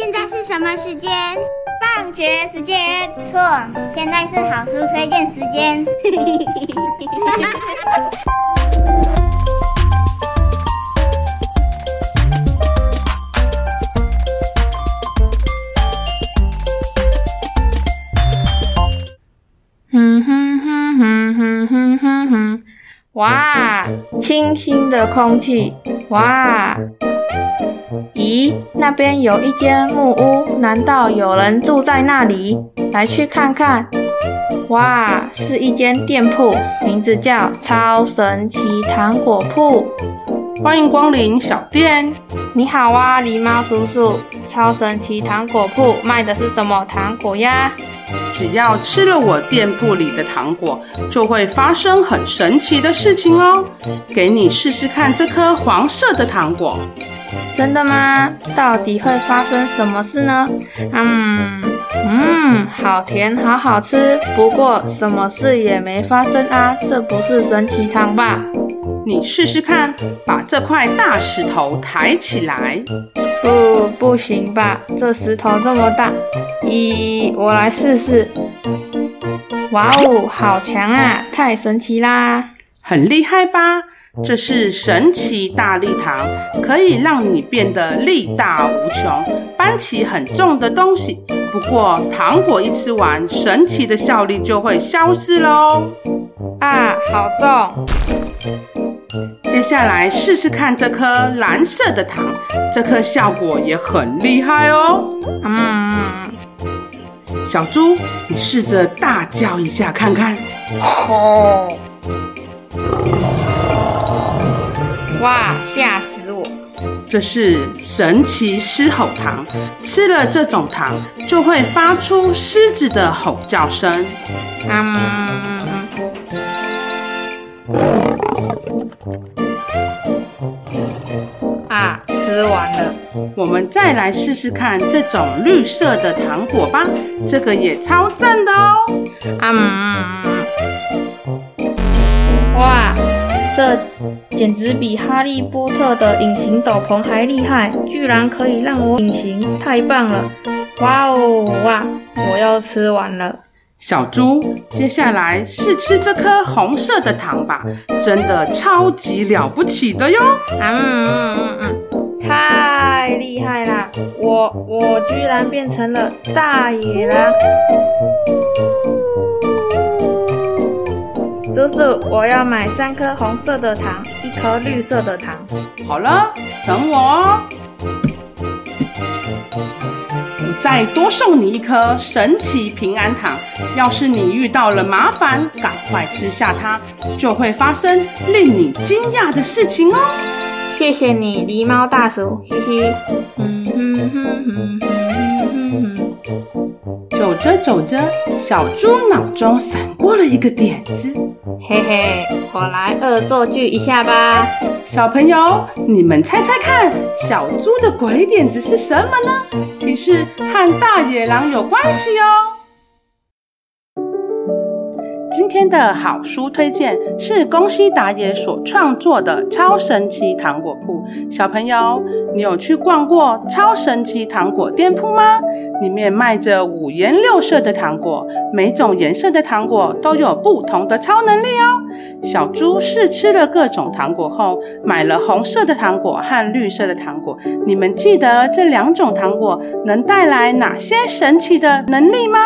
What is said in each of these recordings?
現在是什麼時間？放學時間。錯，現在是好書推薦時間。哼哼哼哼哼哼哼哼，哇，清新的空氣，哇。咦，那邊有一間木屋，難道有人住在那裡？來去看看。哇，是一間店鋪，名字叫“超神奇糖果鋪”。歡迎光臨小店。你好啊，狸貓叔叔。超神奇糖果鋪賣的是什麼糖果呀？只要吃了我店鋪裡的糖果，就會發生很神奇的事情哦。給你試試看，這顆黃色的糖果。真的嗎？到底會發生什麼事呢？嗯嗯，好甜，好好吃。不過什麼事也沒發生啊，這不是神奇糖吧？你試試看，把這塊大石頭抬起來。不，不行吧？這石頭這麼大。咦，我來試試。哇哦，好強啊！太神奇啦！很厲害吧？這是神奇大力糖，可以讓你變得力大無窮，搬起很重的東西。不過糖果一吃完，神奇的效力就會消失嘍。啊，好重！接下來試試看這顆藍色的糖，這顆效果也很厲害哦。嗯，小豬，你試着大叫一下看看。哦。哇，嚇死我！這是神奇獅吼糖，吃了這種糖，就會發出獅子的吼叫聲。嗯、啊，吃完了，我們再來試試看這種綠色的糖果吧，這個也超讚的哦。啊、嗯，哇，這。簡直比哈利波特的隱形斗篷還厲害，居然可以讓我隱形，太棒了！哇哦哇！我要吃完了，小豬，接下來試吃這顆紅色的糖吧，真的超級了不起的喲！嗯，嗯嗯嗯嗯，太厲害啦！我我居然變成了大野狼。叔叔，我要買三顆紅色的糖、一顆綠色的糖。好了，等我哦。再多送你一顆神奇平安糖，要是你遇到了麻煩，趕快吃下它，就會發生令你驚訝的事情哦。謝謝你，狸貓大叔，嘿嘿。嗯哼哼哼哼哼。嗯嗯嗯嗯嗯。走着走着，小豬腦中閃過了一個點子。嘿嘿，我來惡作劇一下吧，小朋友，你們猜猜看，小豬的鬼點子是什麼呢？提示和大野狼有關係哦。今天的好書推薦是宮西達也所創作的《超神奇糖果鋪》，小朋友。你有去逛過超神奇糖果店鋪嗎？裡面賣着五顏六色的糖果，每種顏色的糖果都有不同的超能力哦。小豬試吃了各種糖果後，買了紅色的糖果和綠色的糖果。你們記得這兩種糖果能帶來哪些神奇的能力嗎？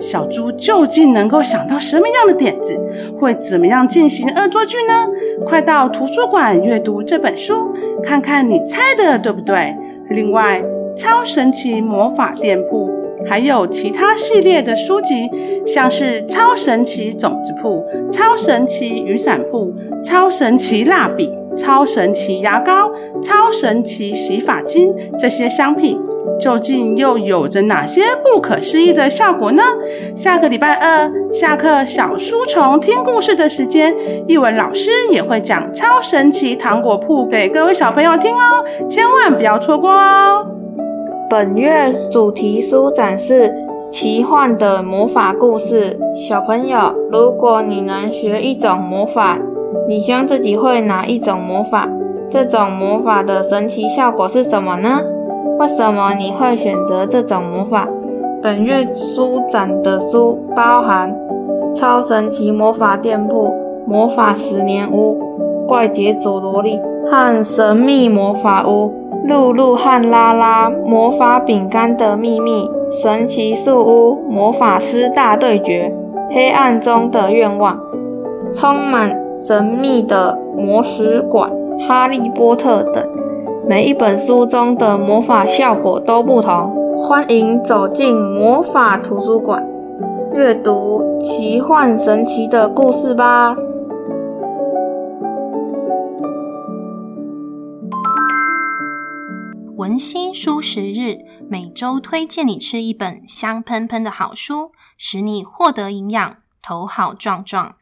小豬究竟能夠想到什麼樣的點子，會怎麼樣進行惡作劇呢？快到圖書館閱讀這本書，看看你猜的對不對。另外，超神奇魔法店鋪。還有其他系列的書籍，像是超神奇種子鋪、超神奇雨傘鋪、超神奇蠟筆、超神奇牙膏，膏、超神奇洗髮精這些商品，究竟又有着哪些不可思議的效果呢？下個禮拜二下課，小書蟲聽故事的時間，憶雯老師也會講《超神奇糖果鋪》給各位小朋友聽哦，千萬不要錯過哦！本月主題書展示奇幻的魔法故事。小朋友，如果你能學一種魔法，你希望自己會哪一種魔法？這種魔法的神奇效果是什麼呢？為什麼你會選擇這種魔法？本月書展的書包含《超神奇魔法店鋪》、《魔法十年屋》怪祖、《怪傑佐羅力》。《和神秘魔法屋》、《露露和拉拉魔法餅乾的秘密》、《神奇樹屋》、《魔法師大對決》、《黑暗中的願望》、《充滿神秘的魔石館》、《哈利波特》等，每一本書中的魔法效果都不同。歡迎走進魔法圖書館，閱讀奇幻神奇的故事吧。文欣書食日，每週推薦你吃一本香噴噴的好書，使你獲得營養，頭好壯壯。